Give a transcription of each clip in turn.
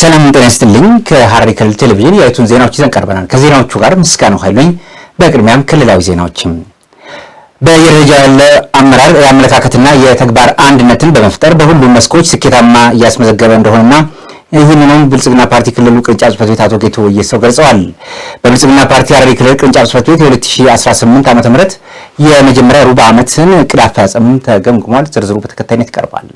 ሰላም ጤና ይስጥልኝ። ከሐረሪ ክልል ቴሌቪዥን የዕለቱን ዜናዎች ይዘን ቀርበናል። ከዜናዎቹ ጋር ምስጋናው ኃይሉ ነኝ። በቅድሚያም ክልላዊ ዜናዎችም በየደረጃ ያለ አመራር የአመለካከትና የተግባር አንድነትን በመፍጠር በሁሉም መስኮች ስኬታማ እያስመዘገበ እንደሆነና ይህንንም ብልጽግና ፓርቲ ክልሉ ቅርንጫፍ ጽሕፈት ቤት አቶ ጌቶ ወየሰው ገልጸዋል። በብልጽግና ፓርቲ ሐረሪ ክልል ቅርንጫፍ ጽሕፈት ቤት የ2018 ም የመጀመሪያ ሩብ ዓመትን እቅድ አፈጻጸም ተገምግሟል። ዝርዝሩ በተከታይነት ይቀርባል።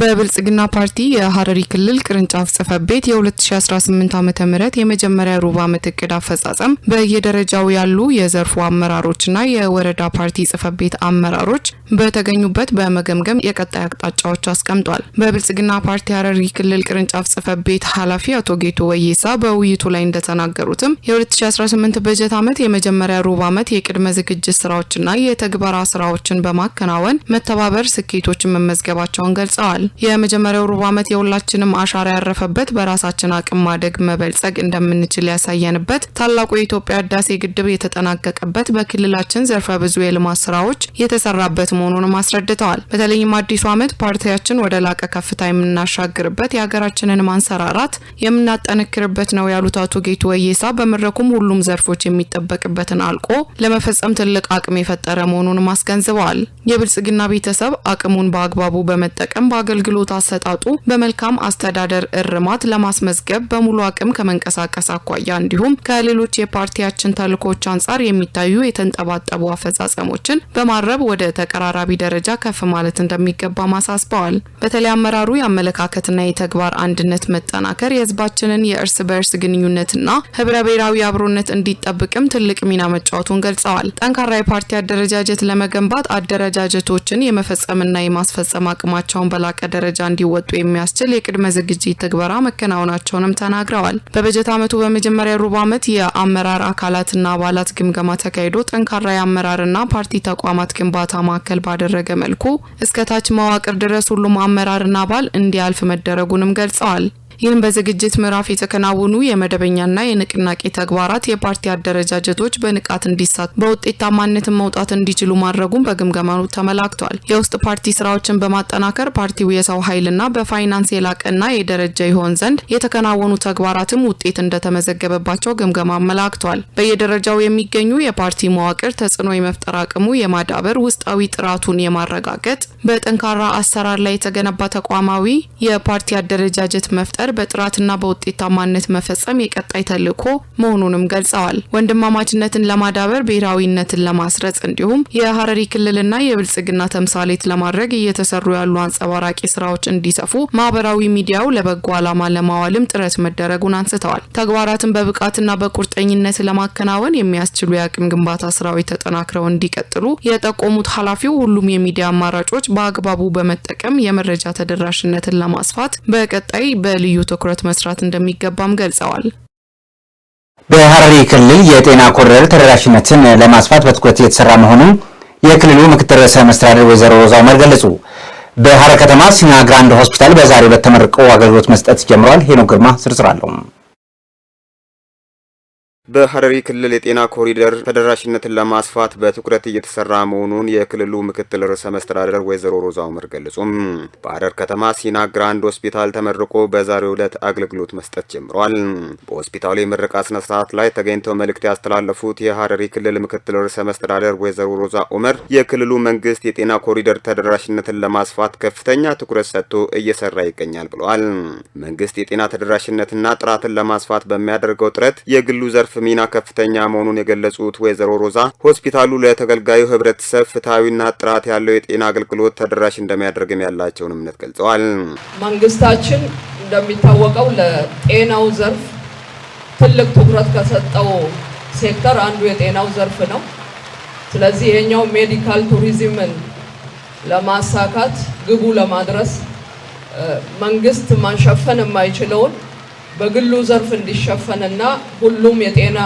በብልጽግና ፓርቲ የሀረሪ ክልል ቅርንጫፍ ጽህፈት ቤት የ2018 ዓ ም የመጀመሪያ ሩብ ዓመት እቅድ አፈጻጸም በየደረጃው ያሉ የዘርፉ አመራሮችና የወረዳ ፓርቲ ጽህፈት ቤት አመራሮች በተገኙበት በመገምገም የቀጣይ አቅጣጫዎች አስቀምጧል። በብልጽግና ፓርቲ ሀረሪ ክልል ቅርንጫፍ ጽህፈት ቤት ኃላፊ አቶ ጌቱ ወይሳ በውይይቱ ላይ እንደተናገሩትም የ2018 በጀት ዓመት የመጀመሪያ ሩብ ዓመት የቅድመ ዝግጅት ስራዎችና የተግባራ ስራዎችን በማከናወን መተባበር ስኬቶችን መመዝገባቸውን ገልጸዋል። ተናግረዋል። የመጀመሪያው ሩብ ዓመት የሁላችንም አሻራ ያረፈበት በራሳችን አቅም ማደግ፣ መበልጸግ እንደምንችል ያሳየንበት ታላቁ የኢትዮጵያ ህዳሴ ግድብ የተጠናቀቀበት በክልላችን ዘርፈ ብዙ የልማት ስራዎች የተሰራበት መሆኑንም አስረድተዋል። በተለይም አዲሱ ዓመት ፓርቲያችን ወደ ላቀ ከፍታ የምናሻግርበት የሀገራችንን ማንሰራራት የምናጠነክርበት ነው ያሉት አቶ ጌቱ ወይሳ በመድረኩም ሁሉም ዘርፎች የሚጠበቅበትን አልቆ ለመፈጸም ትልቅ አቅም የፈጠረ መሆኑንም አስገንዝበዋል። የብልጽግና ቤተሰብ አቅሙን በአግባቡ በመጠቀም በአገር አገልግሎት አሰጣጡ በመልካም አስተዳደር እርማት ለማስመዝገብ በሙሉ አቅም ከመንቀሳቀስ አኳያ እንዲሁም ከሌሎች የፓርቲያችን ተልእኮች አንጻር የሚታዩ የተንጠባጠቡ አፈጻጸሞችን በማረብ ወደ ተቀራራቢ ደረጃ ከፍ ማለት እንደሚገባ ማሳስበዋል። በተለይ አመራሩ የአመለካከትና የተግባር አንድነት መጠናከር የህዝባችንን የእርስ በእርስ ግንኙነትና ህብረ ብሔራዊ አብሮነት እንዲጠብቅም ትልቅ ሚና መጫወቱን ገልጸዋል። ጠንካራ የፓርቲ አደረጃጀት ለመገንባት አደረጃጀቶችን የመፈጸምና የማስፈጸም አቅማቸውን በላቀ ደረጃ እንዲወጡ የሚያስችል የቅድመ ዝግጅት ትግበራ መከናወናቸውንም ተናግረዋል። በበጀት ዓመቱ በመጀመሪያ ሩብ ዓመት የአመራር አካላትና አባላት ግምገማ ተካሂዶ ጠንካራ የአመራርና ፓርቲ ተቋማት ግንባታ ማዕከል ባደረገ መልኩ እስከታች መዋቅር ድረስ ሁሉም አመራርና አባል እንዲያልፍ መደረጉንም ገልጸዋል። ይህም በዝግጅት ምዕራፍ የተከናወኑ የመደበኛና የንቅናቄ ተግባራት የፓርቲ አደረጃጀቶች በንቃት እንዲሳት በውጤታማነትን መውጣት እንዲችሉ ማድረጉን በግምገማው ተመላክቷል። የውስጥ ፓርቲ ስራዎችን በማጠናከር ፓርቲው የሰው ኃይልና በፋይናንስ የላቀና የደረጃ ይሆን ዘንድ የተከናወኑ ተግባራትም ውጤት እንደተመዘገበባቸው ግምገማ አመላክቷል። በየደረጃው የሚገኙ የፓርቲ መዋቅር ተጽዕኖ የመፍጠር አቅሙ የማዳበር ውስጣዊ ጥራቱን የማረጋገጥ በጠንካራ አሰራር ላይ የተገነባ ተቋማዊ የፓርቲ አደረጃጀት መፍጠር በመፍጠር በጥራትና በውጤታማነት መፈጸም የቀጣይ ተልዕኮ መሆኑንም ገልጸዋል። ወንድማማችነትን ለማዳበር ብሔራዊነትን ለማስረጽ እንዲሁም የሀረሪ ክልልና የብልጽግና ተምሳሌት ለማድረግ እየተሰሩ ያሉ አንጸባራቂ ስራዎች እንዲሰፉ ማህበራዊ ሚዲያው ለበጎ ዓላማ ለማዋልም ጥረት መደረጉን አንስተዋል። ተግባራትን በብቃትና በቁርጠኝነት ለማከናወን የሚያስችሉ የአቅም ግንባታ ስራዎች ተጠናክረው እንዲቀጥሉ የጠቆሙት ኃላፊው ሁሉም የሚዲያ አማራጮች በአግባቡ በመጠቀም የመረጃ ተደራሽነትን ለማስፋት በቀጣይ በልዩ ልዩ ትኩረት መስራት እንደሚገባም ገልጸዋል። በሐረሪ ክልል የጤና ኮሪደር ተደራሽነትን ለማስፋት በትኩረት እየተሰራ መሆኑን የክልሉ ምክትል ርዕሰ መስተዳደር ወይዘሮ ሮዛ ዑመር ገለጹ። በሐረር ከተማ ሲና ግራንድ ሆስፒታል በዛሬው ዕለት ተመርቆ አገልግሎት መስጠት ጀምሯል። ሄኖ ግርማ ዝርዝር አለው። በሐረሪ ክልል የጤና ኮሪደር ተደራሽነትን ለማስፋት በትኩረት እየተሰራ መሆኑን የክልሉ ምክትል ርዕሰ መስተዳደር ወይዘሮ ሮዛ ኡመር ገለጹም። በሐረር ከተማ ሲና ግራንድ ሆስፒታል ተመርቆ በዛሬው ዕለት አገልግሎት መስጠት ጀምሯል። በሆስፒታሉ የምረቃ ስነ ስርዓት ላይ ተገኝተው መልእክት ያስተላለፉት የሐረሪ ክልል ምክትል ርዕሰ መስተዳደር ወይዘሮ ሮዛ ኡመር የክልሉ መንግስት የጤና ኮሪደር ተደራሽነትን ለማስፋት ከፍተኛ ትኩረት ሰጥቶ እየሰራ ይገኛል ብለዋል። መንግስት የጤና ተደራሽነትና ጥራትን ለማስፋት በሚያደርገው ጥረት የግሉ ዘርፍ ሚና ከፍተኛ መሆኑን የገለጹት ወይዘሮ ሮዛ ሆስፒታሉ ለተገልጋዩ ህብረተሰብ ፍትሐዊና ጥራት ያለው የጤና አገልግሎት ተደራሽ እንደሚያደርግም ያላቸውን እምነት ገልጸዋል። መንግስታችን እንደሚታወቀው ለጤናው ዘርፍ ትልቅ ትኩረት ከሰጠው ሴክተር አንዱ የጤናው ዘርፍ ነው። ስለዚህ ይሄኛው ሜዲካል ቱሪዝምን ለማሳካት ግቡ ለማድረስ መንግስት ማንሸፈን የማይችለውን በግሉ ዘርፍ እንዲሸፈንና ሁሉም የጤና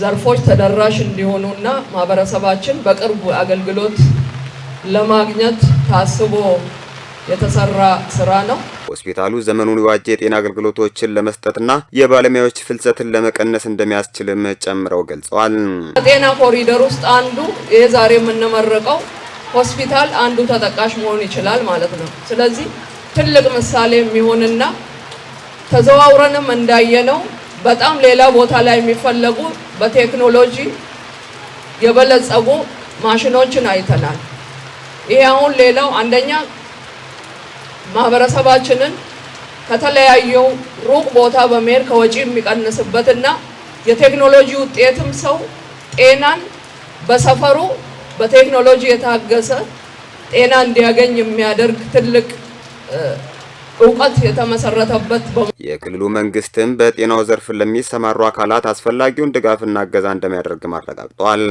ዘርፎች ተደራሽ እንዲሆኑና ማህበረሰባችን በቅርቡ አገልግሎት ለማግኘት ታስቦ የተሰራ ስራ ነው። ሆስፒታሉ ዘመኑን የዋጀ የጤና አገልግሎቶችን ለመስጠትና የባለሙያዎች ፍልሰትን ለመቀነስ እንደሚያስችልም ጨምረው ገልጸዋል። ከጤና ኮሪደር ውስጥ አንዱ ይሄ ዛሬ የምንመረቀው ሆስፒታል አንዱ ተጠቃሽ መሆን ይችላል ማለት ነው። ስለዚህ ትልቅ ምሳሌ የሚሆንና ተዘዋውረንም እንዳየነው በጣም ሌላ ቦታ ላይ የሚፈለጉ በቴክኖሎጂ የበለጸጉ ማሽኖችን አይተናል። ይሄ አሁን ሌላው አንደኛ ማህበረሰባችንን ከተለያዩ ሩቅ ቦታ በመሄድ ከወጪ የሚቀንስበትና የቴክኖሎጂ ውጤትም ሰው ጤናን በሰፈሩ በቴክኖሎጂ የታገሰ ጤና እንዲያገኝ የሚያደርግ ትልቅ እውቀት የተመሰረተበት የክልሉ መንግስትም በጤናው ዘርፍ ለሚሰማሩ አካላት አስፈላጊውን ድጋፍና እገዛ እንደሚያደርግም አረጋግጧል።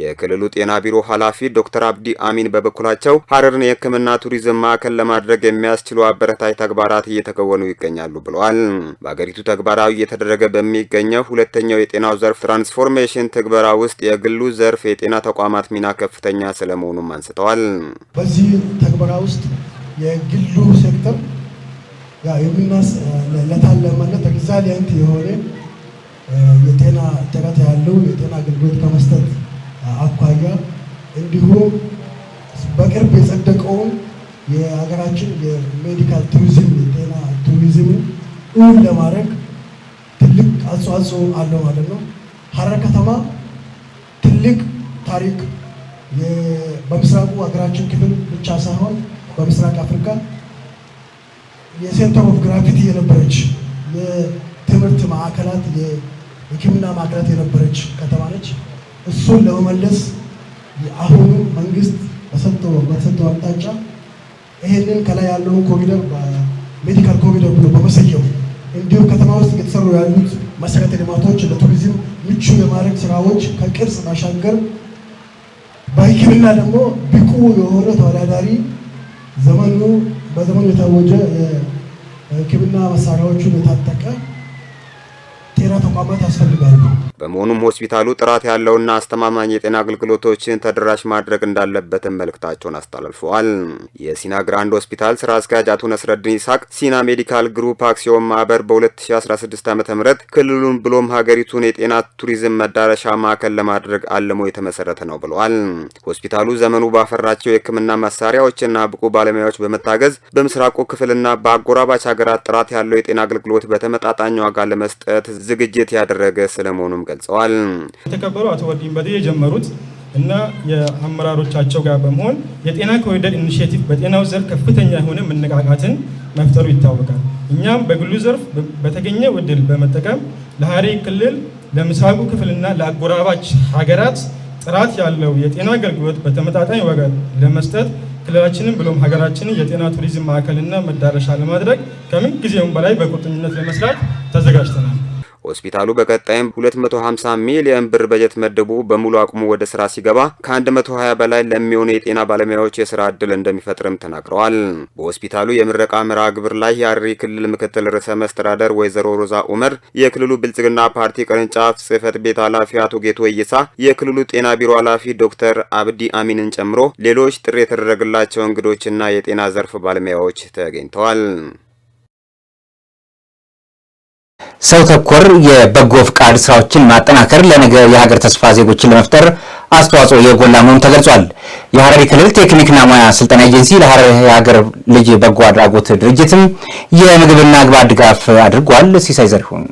የክልሉ ጤና ቢሮ ኃላፊ ዶክተር አብዲ አሚን በበኩላቸው ሀረርን የህክምና ቱሪዝም ማዕከል ለማድረግ የሚያስችሉ አበረታች ተግባራት እየተከወኑ ይገኛሉ ብለዋል። በአገሪቱ ተግባራዊ እየተደረገ በሚገኘው ሁለተኛው የጤናው ዘርፍ ትራንስፎርሜሽን ትግበራ ውስጥ የግሉ ዘርፍ የጤና ተቋማት ሚና ከፍተኛ ስለመሆኑም አንስተዋል። በዚህ ተግበራ ውስጥ የግሉ ሴክተር ለታለመለት ሪዛሊየንት የሆነ የጤና ጥረት ያለው የጤና አገልግሎት ከመስጠት አኳያ እንዲሁም በቅርብ የጸደቀውን የሀገራችን የሜዲካል ቱሪዝም የጤና ቱሪዝም እውን ለማድረግ ትልቅ አስተዋጽኦ አለው ማለት ነው። ሀረር ከተማ ትልቅ ታሪክ በምስራቁ ሀገራችን ክፍል ብቻ ሳይሆን በምስራቅ አፍሪካ የሴንተር ኦፍ ግራቪቲ የነበረች የትምህርት ማዕከላት የሕክምና ማዕከላት የነበረች ከተማ ነች። እሱን ለመመለስ የአሁኑ መንግስት በሰጠው በተሰጠው አቅጣጫ ይህንን ከላይ ያለውን ኮሪደር ሜዲካል ኮሪደር ብሎ በመሰየው እንዲሁም ከተማ ውስጥ እየተሰሩ ያሉት መሰረተ ልማቶች ለቱሪዝም ምቹ የማድረግ ስራዎች ከቅርጽ ባሻገር በሕክምና ደግሞ ብቁ የሆነ ተወዳዳሪ ዘመኑ በዘመኑ የታወጀ የሕክምና መሳሪያዎቹን የታጠቀ ጤና ተቋማት ያስፈልጋሉ። በመሆኑም ሆስፒታሉ ጥራት ያለውና አስተማማኝ የጤና አገልግሎቶችን ተደራሽ ማድረግ እንዳለበትም መልእክታቸውን አስተላልፈዋል። የሲና ግራንድ ሆስፒታል ስራ አስኪያጅ አቶ ነስረድን ይስሐቅ ሲና ሜዲካል ግሩፕ አክሲዮን ማህበር በ2016 ዓ ም ክልሉን ብሎም ሀገሪቱን የጤና ቱሪዝም መዳረሻ ማዕከል ለማድረግ አልሞ የተመሰረተ ነው ብለዋል። ሆስፒታሉ ዘመኑ ባፈራቸው የህክምና መሳሪያዎችና ብቁ ባለሙያዎች በመታገዝ በምስራቁ ክፍልና በአጎራባች ሀገራት ጥራት ያለው የጤና አገልግሎት በተመጣጣኝ ዋጋ ለመስጠት ዝግጅት ያደረገ ስለመሆኑም ገልጸዋል። የተከበሩ አቶ ወዲን በዴ የጀመሩት እና የአመራሮቻቸው ጋር በመሆን የጤና ኮሪደር ኢኒሽቲቭ በጤናው ዘርፍ ከፍተኛ የሆነ መነቃቃትን መፍጠሩ ይታወቃል። እኛም በግሉ ዘርፍ በተገኘ ውድል በመጠቀም ለሐረሪ ክልል ለምስራቁ ክፍልና ለአጎራባች ሀገራት ጥራት ያለው የጤና አገልግሎት በተመጣጣኝ ዋጋ ለመስጠት ክልላችንን ብሎም ሀገራችንን የጤና ቱሪዝም ማዕከልና መዳረሻ ለማድረግ ከምን ጊዜውም በላይ በቁርጠኝነት ለመስራት ተዘጋጅተናል። ሆስፒታሉ በቀጣይም 250 ሚሊዮን ብር በጀት መድቦ በሙሉ አቅሙ ወደ ስራ ሲገባ ከ120 በላይ ለሚሆኑ የጤና ባለሙያዎች የስራ ዕድል እንደሚፈጥርም ተናግረዋል። በሆስፒታሉ የምረቃ መርሃ ግብር ላይ የሐረሪ ክልል ምክትል ርዕሰ መስተዳደር ወይዘሮ ሮዛ ኡመር፣ የክልሉ ብልጽግና ፓርቲ ቅርንጫፍ ጽህፈት ቤት ኃላፊ አቶ ጌቶ ወይሳ፣ የክልሉ ጤና ቢሮ ኃላፊ ዶክተር አብዲ አሚንን ጨምሮ ሌሎች ጥሪ የተደረገላቸው እንግዶችና የጤና ዘርፍ ባለሙያዎች ተገኝተዋል። ሰው ተኮር የበጎ ፍቃድ ስራዎችን ማጠናከር ለነገ የሀገር ተስፋ ዜጎችን ለመፍጠር አስተዋጽኦ የጎላ መሆኑ ተገልጿል። የሀረሪ ክልል ቴክኒክና ሙያ ስልጠና ኤጀንሲ ለሀረሪ የሀገር ልጅ በጎ አድራጎት ድርጅትም የምግብና ግብዓት ድጋፍ አድርጓል። ሲሳይ ዘሪሁን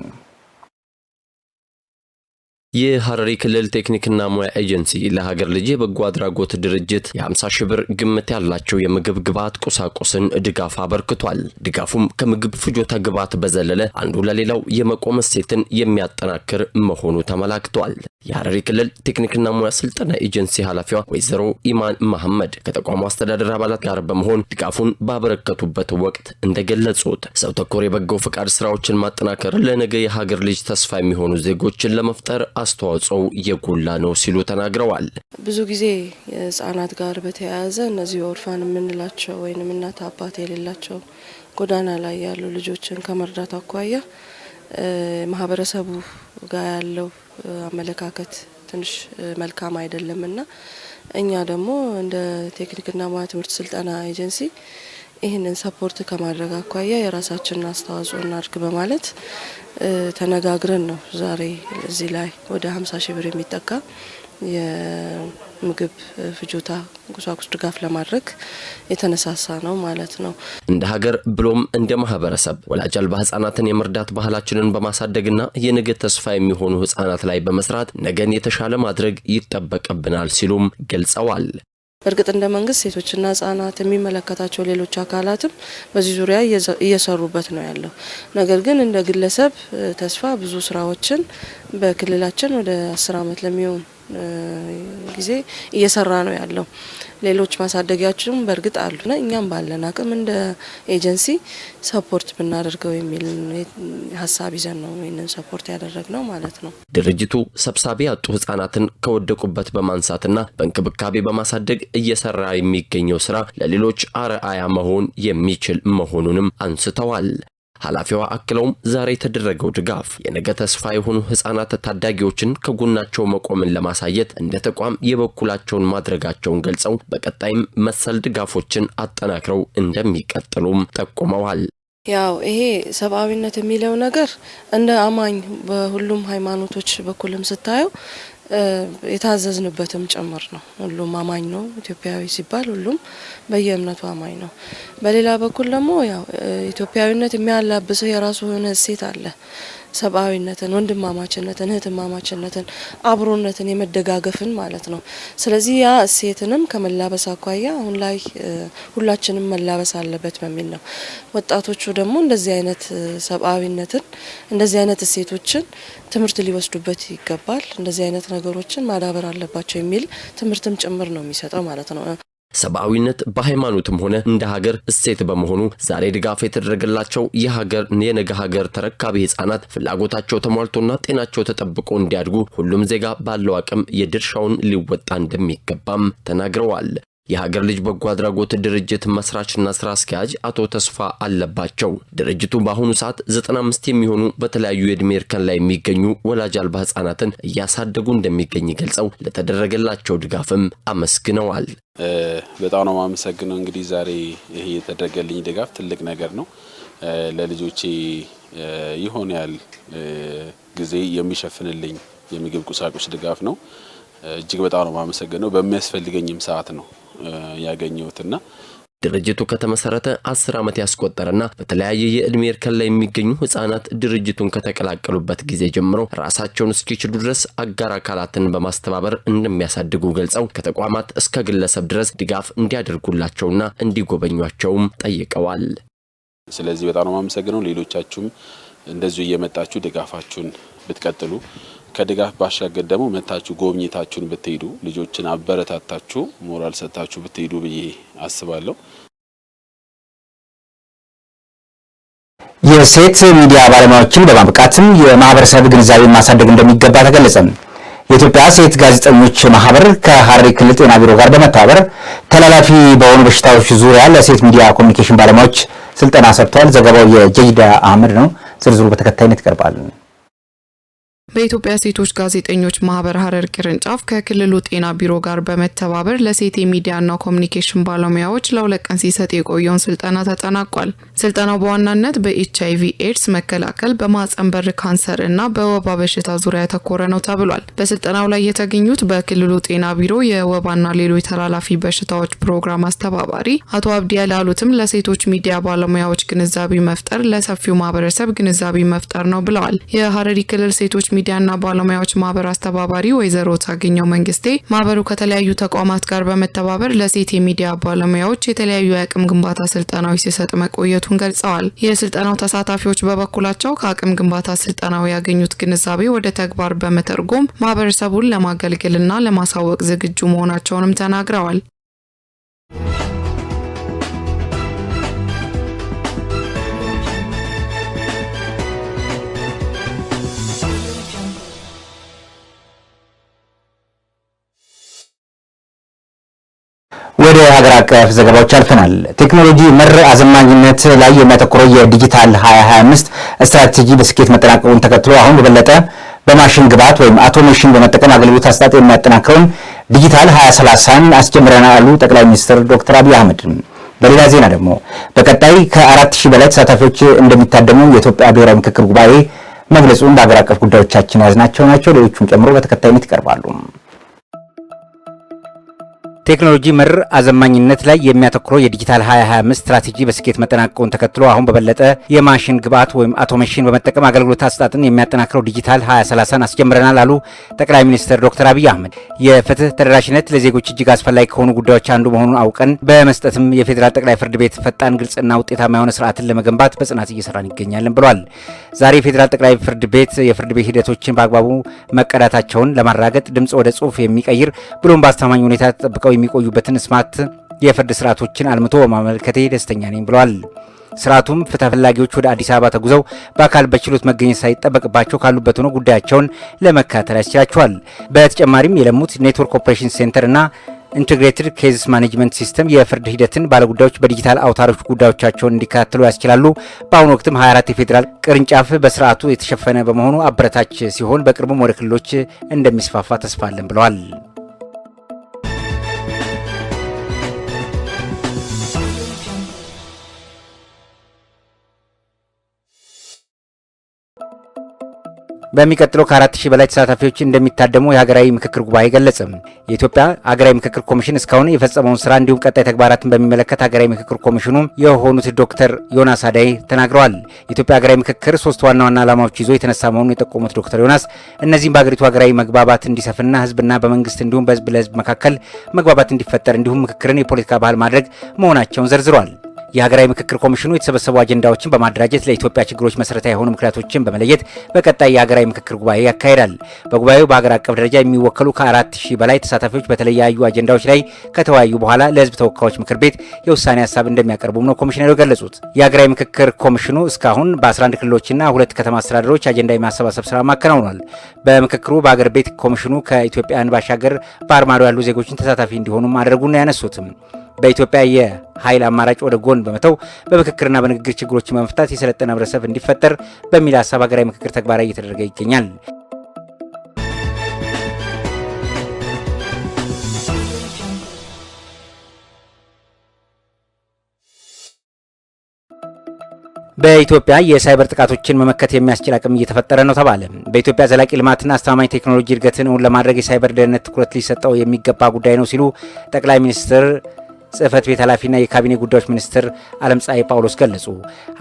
የሐረሪ ክልል ቴክኒክና ሙያ ኤጀንሲ ለሀገር ልጅ የበጎ አድራጎት ድርጅት የ50 ሺህ ብር ግምት ያላቸው የምግብ ግብዓት ቁሳቁስን ድጋፍ አበርክቷል። ድጋፉም ከምግብ ፍጆታ ግብዓት በዘለለ አንዱ ለሌላው የመቆም እሴትን የሚያጠናክር መሆኑ ተመላክቷል። የሐረሪ ክልል ቴክኒክና ሙያ ስልጠና ኤጀንሲ ኃላፊዋ ወይዘሮ ኢማን መሐመድ ከተቋሙ አስተዳደር አባላት ጋር በመሆን ድጋፉን ባበረከቱበት ወቅት እንደገለጹት ሰው ተኮር የበጎ ፈቃድ ስራዎችን ማጠናከር ለነገ የሀገር ልጅ ተስፋ የሚሆኑ ዜጎችን ለመፍጠር አስተዋጽኦው የጎላ ነው ሲሉ ተናግረዋል። ብዙ ጊዜ የህጻናት ጋር በተያያዘ እነዚህ ኦርፋን የምንላቸው ወይም እናት አባት የሌላቸው ጎዳና ላይ ያሉ ልጆችን ከመርዳት አኳያ ማህበረሰቡ ጋር ያለው አመለካከት ትንሽ መልካም አይደለም እና እኛ ደግሞ እንደ ቴክኒክና ሙያ ትምህርት ስልጠና ኤጀንሲ ይህንን ሰፖርት ከማድረግ አኳያ የራሳችንን አስተዋጽኦ እናድርግ በማለት ተነጋግረን ነው ዛሬ እዚህ ላይ ወደ ሀምሳ ሺህ ብር የሚጠጋ የምግብ ፍጆታ ቁሳቁስ ድጋፍ ለማድረግ የተነሳሳ ነው ማለት ነው። እንደ ሀገር ብሎም እንደ ማህበረሰብ ወላጅ አልባ ህጻናትን የመርዳት ባህላችንን በማሳደግና የነገ ተስፋ የሚሆኑ ህጻናት ላይ በመስራት ነገን የተሻለ ማድረግ ይጠበቅብናል ሲሉም ገልጸዋል። እርግጥ እንደ መንግስት ሴቶችና ህጻናት የሚመለከታቸው ሌሎች አካላትም በዚህ ዙሪያ እየሰሩበት ነው ያለው። ነገር ግን እንደ ግለሰብ ተስፋ ብዙ ስራዎችን በክልላችን ወደ አስር አመት ለሚሆን ጊዜ እየሰራ ነው ያለው። ሌሎች ማሳደጊያችንም በእርግጥ አሉ እኛም ባለን አቅም እንደ ኤጀንሲ ሰፖርት ብናደርገው የሚል ሀሳብ ይዘን ነው ይህንን ሰፖርት ያደረግነው ማለት ነው። ድርጅቱ ሰብሳቢ ያጡ ህጻናትን ከወደቁበት በማንሳትና በእንክብካቤ በማሳደግ እየሰራ የሚገኘው ስራ ለሌሎች አርአያ መሆን የሚችል መሆኑንም አንስተዋል። ኃላፊዋ አክለውም ዛሬ የተደረገው ድጋፍ የነገ ተስፋ የሆኑ ህጻናት ታዳጊዎችን ከጎናቸው መቆምን ለማሳየት እንደ ተቋም የበኩላቸውን ማድረጋቸውን ገልጸው በቀጣይም መሰል ድጋፎችን አጠናክረው እንደሚቀጥሉም ጠቁመዋል። ያው ይሄ ሰብአዊነት የሚለው ነገር እንደ አማኝ በሁሉም ሃይማኖቶች በኩልም ስታየው የታዘዝንበትም ጭምር ነው። ሁሉም አማኝ ነው። ኢትዮጵያዊ ሲባል ሁሉም በየእምነቱ አማኝ ነው። በሌላ በኩል ደግሞ ያው ኢትዮጵያዊነት የሚያላብስህ የራሱ የሆነ እሴት አለ። ሰብአዊነትን፣ ወንድማማችነትን፣ እህትማማችነትን፣ አብሮነትን የመደጋገፍን ማለት ነው። ስለዚህ ያ እሴትንም ከመላበስ አኳያ አሁን ላይ ሁላችንም መላበስ አለበት በሚል ነው። ወጣቶቹ ደግሞ እንደዚህ አይነት ሰብአዊነትን፣ እንደዚህ አይነት እሴቶችን ትምህርት ሊወስዱበት ይገባል። እንደዚህ አይነት ነገሮችን ማዳበር አለባቸው የሚል ትምህርትም ጭምር ነው የሚሰጠው ማለት ነው። ሰብአዊነት በሃይማኖትም ሆነ እንደ ሀገር እሴት በመሆኑ ዛሬ ድጋፍ የተደረገላቸው የሀገር የነገ ሀገር ተረካቢ ህጻናት ፍላጎታቸው ተሟልቶና ጤናቸው ተጠብቆ እንዲያድጉ ሁሉም ዜጋ ባለው አቅም የድርሻውን ሊወጣ እንደሚገባም ተናግረዋል። የሀገር ልጅ በጎ አድራጎት ድርጅት መስራችና ስራ አስኪያጅ አቶ ተስፋ አለባቸው ድርጅቱ በአሁኑ ሰዓት 95 የሚሆኑ በተለያዩ የእድሜ እርከን ላይ የሚገኙ ወላጅ አልባ ህጻናትን እያሳደጉ እንደሚገኝ ገልጸው ለተደረገላቸው ድጋፍም አመስግነዋል። በጣም ነው የማመሰግነው። እንግዲህ ዛሬ ይሄ የተደረገልኝ ድጋፍ ትልቅ ነገር ነው። ለልጆቼ ይሆን ያል ጊዜ የሚሸፍንልኝ የምግብ ቁሳቁስ ድጋፍ ነው። እጅግ በጣም ነው የማመሰግነው። በሚያስፈልገኝም ሰዓት ነው ያገኘሁትና ድርጅቱ ከተመሰረተ አስር ዓመት ያስቆጠረና በተለያየ የዕድሜ እርከን ላይ የሚገኙ ህጻናት ድርጅቱን ከተቀላቀሉበት ጊዜ ጀምሮ ራሳቸውን እስኪችሉ ድረስ አጋር አካላትን በማስተባበር እንደሚያሳድጉ ገልጸው ከተቋማት እስከ ግለሰብ ድረስ ድጋፍ እንዲያደርጉላቸውና እንዲጎበኟቸውም ጠይቀዋል። ስለዚህ በጣም ነው የማመሰግነው። ሌሎቻችሁም እንደዚሁ እየመጣችሁ ድጋፋችሁን ብትቀጥሉ ከድጋፍ ባሻገር ደግሞ መታችሁ ጎብኝታችሁን ብትሄዱ ልጆችን አበረታታችሁ ሞራል ሰጥታችሁ ብትሄዱ ብዬ አስባለሁ። የሴት ሚዲያ ባለሙያዎችን በማብቃትም የማህበረሰብ ግንዛቤ ማሳደግ እንደሚገባ ተገለጸ። የኢትዮጵያ ሴት ጋዜጠኞች ማህበር ከሐረሪ ክልል ጤና ቢሮ ጋር በመተባበር ተላላፊ በሆኑ በሽታዎች ዙሪያ ለሴት ሚዲያ ኮሚኒኬሽን ባለሙያዎች ስልጠና ሰጥተዋል። ዘገባው የጀይዳ አህመድ ነው። ዝርዝሩ በተከታይነት ይቀርባል። በኢትዮጵያ ሴቶች ጋዜጠኞች ማህበር ሀረር ቅርንጫፍ ከክልሉ ጤና ቢሮ ጋር በመተባበር ለሴት የሚዲያና ኮሚኒኬሽን ባለሙያዎች ለሁለት ቀን ሲሰጥ የቆየውን ስልጠና ተጠናቋል። ስልጠናው በዋናነት በኤች ቪ ኤድስ መከላከል፣ በማህጸን በር ካንሰር እና በወባ በሽታ ዙሪያ ያተኮረ ነው ተብሏል። በስልጠናው ላይ የተገኙት በክልሉ ጤና ቢሮ የወባና ሌሎች ተላላፊ በሽታዎች ፕሮግራም አስተባባሪ አቶ አብዲያ ላሉትም ለሴቶች ሚዲያ ባለሙያዎች ግንዛቤ መፍጠር ለሰፊው ማህበረሰብ ግንዛቤ መፍጠር ነው ብለዋል። የሀረሪ ክልል ሴቶች ሚዲያና ባለሙያዎች ማህበር አስተባባሪ ወይዘሮ ታገኘው መንግስቴ ማህበሩ ከተለያዩ ተቋማት ጋር በመተባበር ለሴት የሚዲያ ባለሙያዎች የተለያዩ የአቅም ግንባታ ስልጠናዎች ሲሰጥ መቆየቱን ገልጸዋል። የስልጠናው ተሳታፊዎች በበኩላቸው ከአቅም ግንባታ ስልጠናው ያገኙት ግንዛቤ ወደ ተግባር በመተርጎም ማህበረሰቡን ለማገልገልና ለማሳወቅ ዝግጁ መሆናቸውንም ተናግረዋል። ወደ ሀገር አቀፍ ዘገባዎች አልፈናል። ቴክኖሎጂ መር አዘማኝነት ላይ የሚያተኩረው የዲጂታል 2025 ስትራቴጂ በስኬት መጠናቀቁን ተከትሎ አሁን በበለጠ በማሽን ግብዓት ወይም አውቶሜሽን በመጠቀም አገልግሎት አሰጣጥ የሚያጠናክረውን ዲጂታል 2030ን አስጀምረናል አሉ ጠቅላይ ሚኒስትር ዶክተር አብይ አህመድ። በሌላ ዜና ደግሞ በቀጣይ ከ4000 በላይ ተሳታፊዎች እንደሚታደሙ የኢትዮጵያ ብሔራዊ ምክክር ጉባኤ መግለጹን በሀገር አቀፍ ጉዳዮቻችን የያዝናቸው ናቸው። ሌሎቹም ጨምሮ በተከታይነት ይቀርባሉ። ቴክኖሎጂ መር አዘማኝነት ላይ የሚያተኩረው የዲጂታል 2025 ስትራቴጂ በስኬት መጠናቀቁን ተከትሎ አሁን በበለጠ የማሽን ግብአት ወይም አውቶሜሽን በመጠቀም አገልግሎት አሰጣጥን የሚያጠናክረው ዲጂታል 2030ን አስጀምረናል አሉ ጠቅላይ ሚኒስትር ዶክተር አብይ አህመድ። የፍትህ ተደራሽነት ለዜጎች እጅግ አስፈላጊ ከሆኑ ጉዳዮች አንዱ መሆኑን አውቀን በመስጠትም የፌዴራል ጠቅላይ ፍርድ ቤት ፈጣን፣ ግልጽና ውጤታማ የሆነ ስርዓትን ለመገንባት በጽናት እየሰራን ይገኛለን ብሏል። ዛሬ የፌዴራል ጠቅላይ ፍርድ ቤት የፍርድ ቤት ሂደቶችን በአግባቡ መቀዳታቸውን ለማራገጥ ድምፅ ወደ ጽሁፍ የሚቀይር ብሎም በአስተማማኝ ሁኔታ ተጠብቀው የሚቆዩበትን ስማት የፍርድ ስርዓቶችን አልምቶ በማመልከቴ ደስተኛ ነኝ ብለዋል። ስርዓቱም ፍትህ ፈላጊዎች ወደ አዲስ አበባ ተጉዘው በአካል በችሎት መገኘት ሳይጠበቅባቸው ካሉበት ሆኖ ጉዳያቸውን ለመካተል ያስችላቸዋል። በተጨማሪም የለሙት ኔትወርክ ኦፕሬሽን ሴንተር እና ኢንቴግሬትድ ኬዝስ ማኔጅመንት ሲስተም የፍርድ ሂደትን ባለጉዳዮች በዲጂታል አውታሮች ጉዳዮቻቸውን እንዲከታተሉ ያስችላሉ። በአሁኑ ወቅትም 24 የፌዴራል ቅርንጫፍ በስርዓቱ የተሸፈነ በመሆኑ አበረታች ሲሆን በቅርቡም ወደ ክልሎች እንደሚስፋፋ ተስፋለን ብለዋል። በሚቀጥለው ከአራት 4000 በላይ ተሳታፊዎች እንደሚታደሙ የሀገራዊ ምክክር ጉባኤ ገለጸ። የኢትዮጵያ ሀገራዊ ምክክር ኮሚሽን እስካሁን የፈጸመውን ስራ እንዲሁም ቀጣይ ተግባራትን በሚመለከት ሀገራዊ ምክክር ኮሚሽኑ የሆኑት ዶክተር ዮናስ አዳይ ተናግረዋል። የኢትዮጵያ ሀገራዊ ምክክር ሶስት ዋና ዋና ዓላማዎች ይዞ የተነሳ መሆኑን የጠቆሙት ዶክተር ዮናስ እነዚህም በሀገሪቱ ሀገራዊ መግባባት እንዲሰፍንና ህዝብና በመንግስት እንዲሁም በህዝብ ለህዝብ መካከል መግባባት እንዲፈጠር እንዲሁም ምክክርን የፖለቲካ ባህል ማድረግ መሆናቸውን ዘርዝሯል። የሀገራዊ ምክክር ኮሚሽኑ የተሰበሰቡ አጀንዳዎችን በማደራጀት ለኢትዮጵያ ችግሮች መሰረታዊ የሆኑ ምክንያቶችን በመለየት በቀጣይ የሀገራዊ ምክክር ጉባኤ ያካሂዳል። በጉባኤው በሀገር አቀፍ ደረጃ የሚወከሉ ከአራት ሺህ በላይ ተሳታፊዎች በተለያዩ አጀንዳዎች ላይ ከተወያዩ በኋላ ለህዝብ ተወካዮች ምክር ቤት የውሳኔ ሀሳብ እንደሚያቀርቡም ነው ኮሚሽነሩ የገለጹት። የሀገራዊ ምክክር ኮሚሽኑ እስካሁን በ11 ክልሎችና ሁለት ከተማ አስተዳደሮች አጀንዳ የማሰባሰብ ስራ ማከናውኗል። በምክክሩ በሀገር ቤት ኮሚሽኑ ከኢትዮጵያን ባሻገር በአርማዶ ያሉ ዜጎችን ተሳታፊ እንዲሆኑም ማድረጉን ያነሱትም በኢትዮጵያ የኃይል አማራጭ ወደ ጎን በመተው በምክክርና በንግግር ችግሮችን በመፍታት የሰለጠነ ህብረተሰብ እንዲፈጠር በሚል ሀሳብ ሀገራዊ ምክክር ተግባራዊ እየተደረገ ይገኛል። በኢትዮጵያ የሳይበር ጥቃቶችን መመከት የሚያስችል አቅም እየተፈጠረ ነው ተባለ። በኢትዮጵያ ዘላቂ ልማትና አስተማማኝ ቴክኖሎጂ እድገትን እውን ለማድረግ የሳይበር ደህንነት ትኩረት ሊሰጠው የሚገባ ጉዳይ ነው ሲሉ ጠቅላይ ሚኒስትር ጽህፈት ቤት ኃላፊና የካቢኔ ጉዳዮች ሚኒስትር አለም ጻይ ጳውሎስ ገለጹ።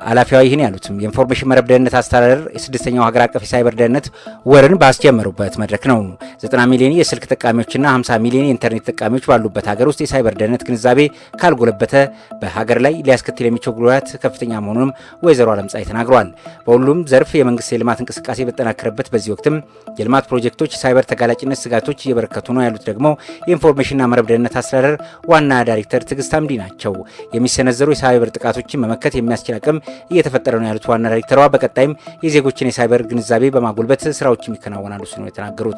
ኃላፊዋ ይህን ያሉትም የኢንፎርሜሽን መረብ ደህንነት አስተዳደር የስድስተኛው ሀገር አቀፍ የሳይበር ደህንነት ወርን ባስጀመሩበት መድረክ ነው። 90 ሚሊዮን የስልክ ጠቃሚዎችና 50 ሚሊዮን የኢንተርኔት ጠቃሚዎች ባሉበት ሀገር ውስጥ የሳይበር ደህንነት ግንዛቤ ካልጎለበተ በሀገር ላይ ሊያስከትል የሚችል ጉዳት ከፍተኛ መሆኑንም ወይዘሮ አለም ፀሐይ ተናግረዋል። በሁሉም ዘርፍ የመንግስት የልማት እንቅስቃሴ በጠናከረበት በዚህ ወቅትም የልማት ፕሮጀክቶች የሳይበር ተጋላጭነት ስጋቶች እየበረከቱ ነው ያሉት ደግሞ የኢንፎርሜሽንና መረብ ደህንነት አስተዳደር ዋና ዳይሬክተር ዶክተር ትዕግስት አምዲ ናቸው። የሚሰነዘሩ የሳይበር ጥቃቶችን መመከት የሚያስችል አቅም እየተፈጠረ ነው ያሉት ዋና ዳይሬክተሯ በቀጣይም የዜጎችን የሳይበር ግንዛቤ በማጎልበት ስራዎች ይከናወናሉ ሲሉ ነው የተናገሩት።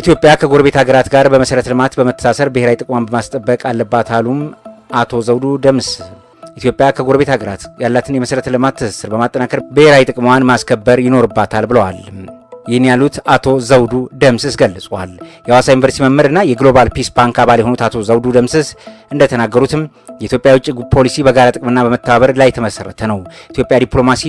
ኢትዮጵያ ከጎረቤት ሀገራት ጋር በመሰረተ ልማት በመተሳሰር ብሔራዊ ጥቅሟን በማስጠበቅ አለባት አሉም አቶ ዘውዱ ደምስ ኢትዮጵያ ከጎረቤት ሀገራት ያላትን የመሠረተ ልማት ትስስር በማጠናከር ብሔራዊ ጥቅሟን ማስከበር ይኖርባታል ብለዋል። ይህን ያሉት አቶ ዘውዱ ደምስስ ገልጿል። የሐዋሳ ዩኒቨርሲቲ መምህርና የግሎባል ፒስ ባንክ አባል የሆኑት አቶ ዘውዱ ደምስስ እንደተናገሩትም የኢትዮጵያ የውጭ ፖሊሲ በጋራ ጥቅምና በመተባበር ላይ የተመሰረተ ነው። ኢትዮጵያ ዲፕሎማሲ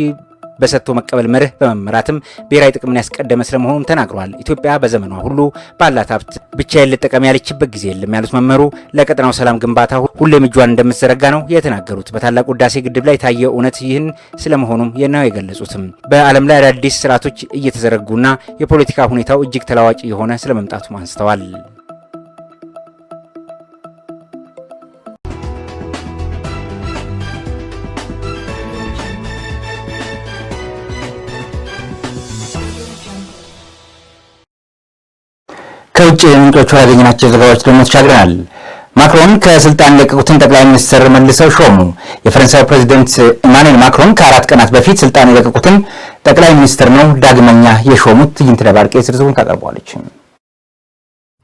በሰጥቶ መቀበል መርህ በመመራትም ብሔራዊ ጥቅምን ያስቀደመ ስለመሆኑም ተናግረዋል። ኢትዮጵያ በዘመኗ ሁሉ ባላት ሀብት ብቻዬን ልጠቀም ያለችበት ጊዜ የለም ያሉት መመሩ ለቀጠናው ሰላም ግንባታ ሁሌም እጇን እንደምትዘረጋ ነው የተናገሩት። በታላቁ ህዳሴ ግድብ ላይ ታየው እውነት ይህን ስለመሆኑም የናው የገለጹትም። በዓለም ላይ አዳዲስ ስርዓቶች እየተዘረጉና የፖለቲካ ሁኔታው እጅግ ተለዋጭ የሆነ ስለመምጣቱም አንስተዋል። ከውጭ ምንጮቹ ያገኘናቸው ዘገባዎች ደግሞ ተሻግረናል። ማክሮን ከስልጣን ለቀቁትን ጠቅላይ ሚኒስትር መልሰው ሾሙ። የፈረንሳዊ ፕሬዚደንት ኢማኑኤል ማክሮን ከአራት ቀናት በፊት ስልጣን የለቀቁትን ጠቅላይ ሚኒስትር ነው ዳግመኛ የሾሙት። ትዕይንት ደባርቄ ዝርዝሩን ታቀርበዋለች።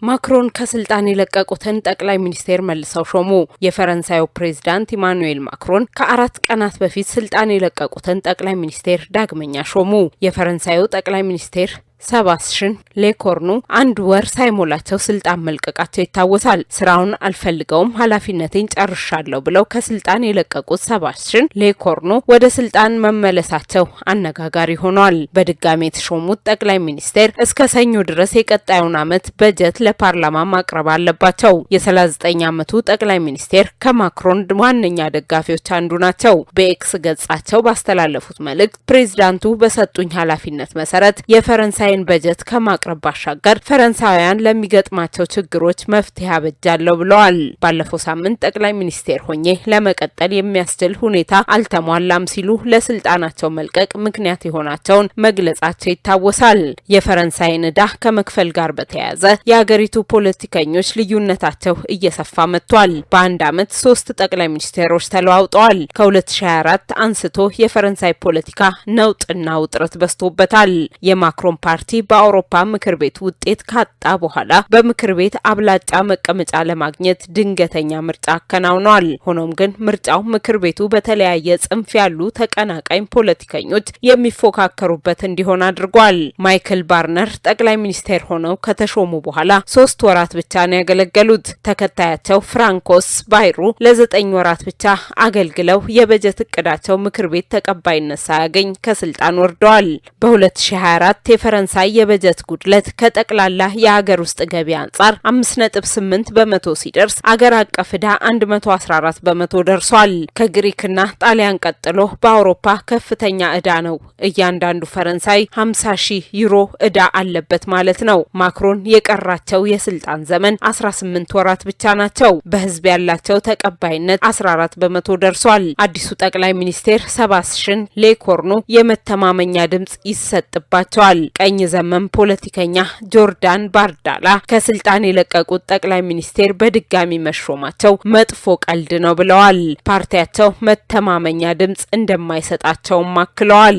ማክሮን ከስልጣን የለቀቁትን ጠቅላይ ሚኒስቴር መልሰው ሾሙ። የፈረንሳዩ ፕሬዚዳንት ኢማኑኤል ማክሮን ከአራት ቀናት በፊት ስልጣን የለቀቁትን ጠቅላይ ሚኒስቴር ዳግመኛ ሾሙ። የፈረንሳዩ ጠቅላይ ሚኒስቴር ሰባስሽን ሌኮርኑ አንድ ወር ሳይሞላቸው ስልጣን መልቀቃቸው ይታወሳል። ስራውን አልፈልገውም፣ ኃላፊነቴን ጨርሻለሁ ብለው ከስልጣን የለቀቁት ሰባስሽን ሌኮርኑ ወደ ስልጣን መመለሳቸው አነጋጋሪ ሆኗል። በድጋሚ የተሾሙት ጠቅላይ ሚኒስቴር እስከ ሰኞ ድረስ የቀጣዩን ዓመት በጀት ለፓርላማ ማቅረብ አለባቸው። የ39 ዓመቱ ጠቅላይ ሚኒስቴር ከማክሮን ዋነኛ ደጋፊዎች አንዱ ናቸው። በኤክስ ገጻቸው ባስተላለፉት መልእክት ፕሬዚዳንቱ በሰጡኝ ኃላፊነት መሰረት የፈረንሳይ የቀጣይን በጀት ከማቅረብ ባሻገር ፈረንሳውያን ለሚገጥማቸው ችግሮች መፍትሄ አበጃለሁ ብለዋል። ባለፈው ሳምንት ጠቅላይ ሚኒስቴር ሆኜ ለመቀጠል የሚያስችል ሁኔታ አልተሟላም ሲሉ ለስልጣናቸው መልቀቅ ምክንያት የሆናቸውን መግለጻቸው ይታወሳል። የፈረንሳይን ንዳ ከመክፈል ጋር በተያያዘ የአገሪቱ ፖለቲከኞች ልዩነታቸው እየሰፋ መጥቷል። በአንድ ዓመት ሶስት ጠቅላይ ሚኒስቴሮች ተለዋውጠዋል። ከ2024 አንስቶ የፈረንሳይ ፖለቲካ ነውጥና ውጥረት በዝቶበታል። የማክሮን ፓርቲ በአውሮፓ ምክር ቤት ውጤት ካጣ በኋላ በምክር ቤት አብላጫ መቀመጫ ለማግኘት ድንገተኛ ምርጫ አከናውኗል። ሆኖም ግን ምርጫው ምክር ቤቱ በተለያየ ጽንፍ ያሉ ተቀናቃኝ ፖለቲከኞች የሚፎካከሩበት እንዲሆን አድርጓል። ማይክል ባርነር ጠቅላይ ሚኒስቴር ሆነው ከተሾሙ በኋላ ሶስት ወራት ብቻ ነው ያገለገሉት። ተከታያቸው ፍራንኮስ ባይሩ ለዘጠኝ ወራት ብቻ አገልግለው የበጀት እቅዳቸው ምክር ቤት ተቀባይነት ሳያገኝ ከስልጣን ወርደዋል። በ2024 የፈረን የፈረንሳይ የበጀት ጉድለት ከጠቅላላ የሀገር ውስጥ ገቢ አንጻር 5.8 በመቶ ሲደርስ አገር አቀፍ ዕዳ 114 በመቶ ደርሷል። ከግሪክና ጣሊያን ቀጥሎ በአውሮፓ ከፍተኛ ዕዳ ነው። እያንዳንዱ ፈረንሳይ 50 ሺህ ዩሮ ዕዳ አለበት ማለት ነው። ማክሮን የቀራቸው የስልጣን ዘመን 18 ወራት ብቻ ናቸው። በህዝብ ያላቸው ተቀባይነት 14 በመቶ ደርሷል። አዲሱ ጠቅላይ ሚኒስቴር ሰባስሽን ሌኮርኖ የመተማመኛ ድምጽ ይሰጥባቸዋል። ቀኝ ቀኝ ዘመን ፖለቲከኛ ጆርዳን ባርዳላ ከስልጣን የለቀቁት ጠቅላይ ሚኒስቴር በድጋሚ መሾማቸው መጥፎ ቀልድ ነው ብለዋል። ፓርቲያቸው መተማመኛ ድምጽ እንደማይሰጣቸውም አክለዋል።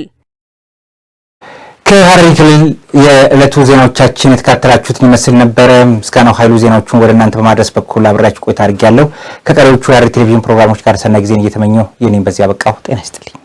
ከሀረሪ ክልል የዕለቱ ዜናዎቻችን የተካተላችሁትን ይመስል ነበረ። ምስጋናው ኃይሉ ዜናዎቹን ወደ እናንተ በማድረስ በኩል አብሬያችሁ ቆይታ አድርጌያለሁ። ከቀሪዎቹ የሀረሪ ቴሌቪዥን ፕሮግራሞች ጋር ሰናይ ጊዜን እየተመኘው የኔም በዚህ አበቃሁ። ጤና ይስጥልኝ።